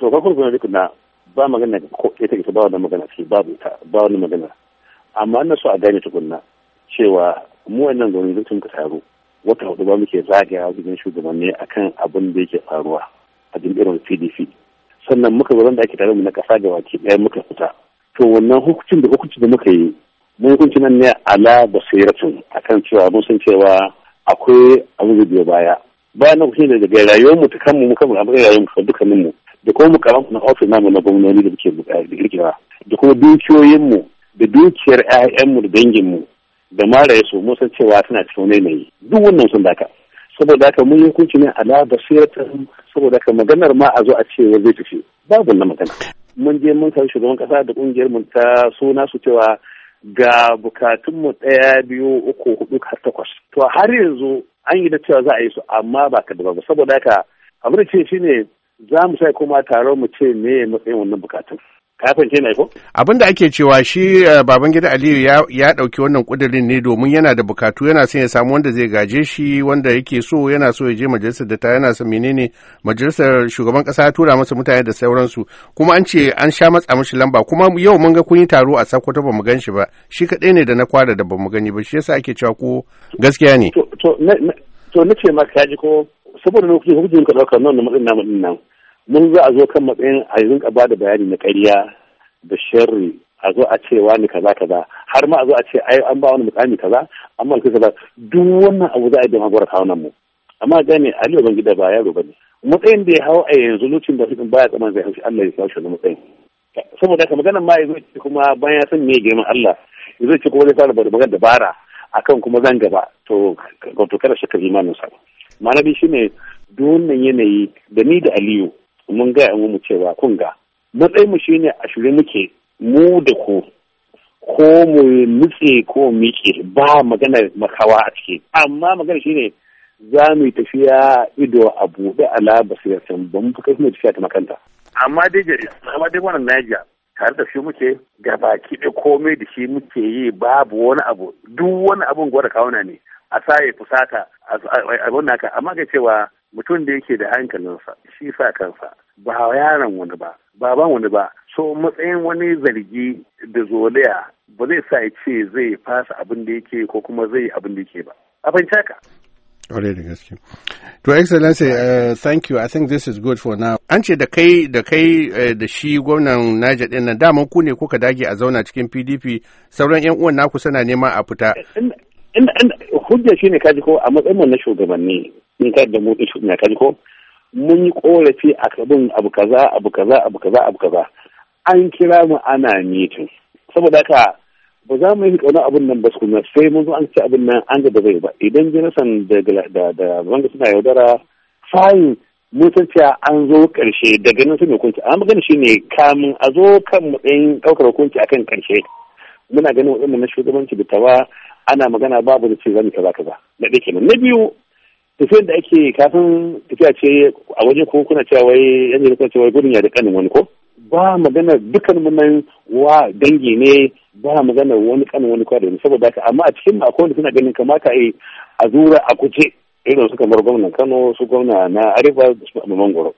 to ka kuna duk na ba magana da ko ita ita ba wannan magana ce babu ita ba wannan magana amma na so a gane tukunna cewa mu wannan gwamnati sun ka taro wata hudu ba muke zagaya wajen shugabanni akan abin da yake faruwa a jam'iyyar PDP sannan muka zo da ake tare mu na kasa ga waki ɗaya muka fita to wannan hukuncin da hukuncin da muka yi mun hukunci nan ne ala basiratun akan cewa mun san cewa akwai abu da baya bayan na kusa daga rayuwar mu ta kanmu mu kanmu abin rayuwar mu dukkanin mu da kuma mukaran na ofis namu na gwamnoni da muke girgira da kuma dukiyoyinmu da dukiyar 'ya'yanmu da danginmu da mara su musa cewa suna cikin wani mai duk wannan sun daka saboda haka mun yi hukunci ne ala basiratan saboda haka maganar ma a zo a ce zai tafi babu na magana mun je mun kai shugaban kasa da kungiyar mu ta suna su cewa ga bukatun mu ɗaya biyu uku hudu har takwas to har yanzu an yi da cewa za a yi su amma ba ka ba saboda haka abin da ce shine za mu sai kuma taron mu ce me ya matsayin wannan bukatun kafin ce ko? abin da ake cewa shi eh, babangida aliyu ya ɗauki wannan ƙudurin ne domin yana da bukatu yana son ya samu wanda zai gaje shi wanda yake so yana so ya je majalisar da ta yana son menene majalisar shugaban ƙasa tura masa mutane da sauransu kuma an ce an sha matsa mashi lamba kuma yau mun ga kun yi taro a sakkwato ba mu gan shi ba shi kaɗai ne da na kwada da ba mu gani ba shi yasa ake cewa ko gaskiya ne. to na ce maka ji ko saboda lokacin hujjin ka ɗauka nan da matsayin namu ɗin nan mun za a zo kan matsayin a yanzu ka ba da bayani na ƙarya da sharri a zo a ce wani kaza kaza har ma a zo a ce ai an ba wani mutane kaza amma kai kaza duk wannan abu za a yi da magwara wannan mu amma gane aliyu ban gida ba yaro bane matsayin da ya hau a yanzu lokacin da hukun baya tsaman zai haushi Allah ya kawo shi matsayin saboda haka maganar ma zo ce kuma bayan ya san me girman Allah zo ce kuma zai fara magana dabara akan kuma zan gaba to to kada shakka imanin sa malami shine duk wannan yanayi da ni da aliyu mun gaya mu cewa kun ga mu shine a shirye muke mu da ku ko mu nutse ko miƙe ba magana makawa a ciki amma magana shine za mu tafiya ido a buɗe ala basiratan ba mu fi tafiya ta makanta amma dai jari amma dai wannan naija tare da shi muke ga baki da komai da shi muke yi babu wani abu duk wani abun gwada kawuna ne a sa fusata abin naka amma ga cewa mutum da yake da hankalinsa shi sa kansa ba yaron wani ba baban wani ba so matsayin wani zargi da zolaya ba zai sa ya ce zai fasa abin da yake ko kuma zai abin da yake ba a fahimta ka da gaske to excellency uh, thank you i think this is good for now an ce da kai da kai uh, da shi gwamnan Niger din nan daman ku ne kuka dage a zauna cikin PDP sauran yan uwan naku suna nema a fita hujja shine kaji ko a matsayin na shugabanni in ka da mu na kaji ko mun yi korafi a kabin abu kaza abu kaza abu kaza abu kaza an kira mu ana mitin saboda haka ba za mu yi kauna abun nan ba su kuma sai mun zo an ci abun nan an da zai ba idan jinasan da da da wanda suna yaudara fayin mun san cewa an zo karshe daga nan sun hukunci amma magana shine kamun a zo kan matsayin ɗaukar hukunci akan karshe muna ganin waɗannan na shugabanci da tawa ana magana babu da ce zami kaza kaza na ɗaya kenan na biyu tafiyar da ake kafin tafiya ce a waje ko kuna cewa wai yanzu kuna cewa gudun ya da kanin wani ko ba magana dukkan munan wa dangi ne ba magana wani kanin wani kwa da wani saboda haka amma a cikin ma akwai wanda suna ganin kamata a zura a kuce irin su kamar gwamnan kano su gwamna na arewa su mangoro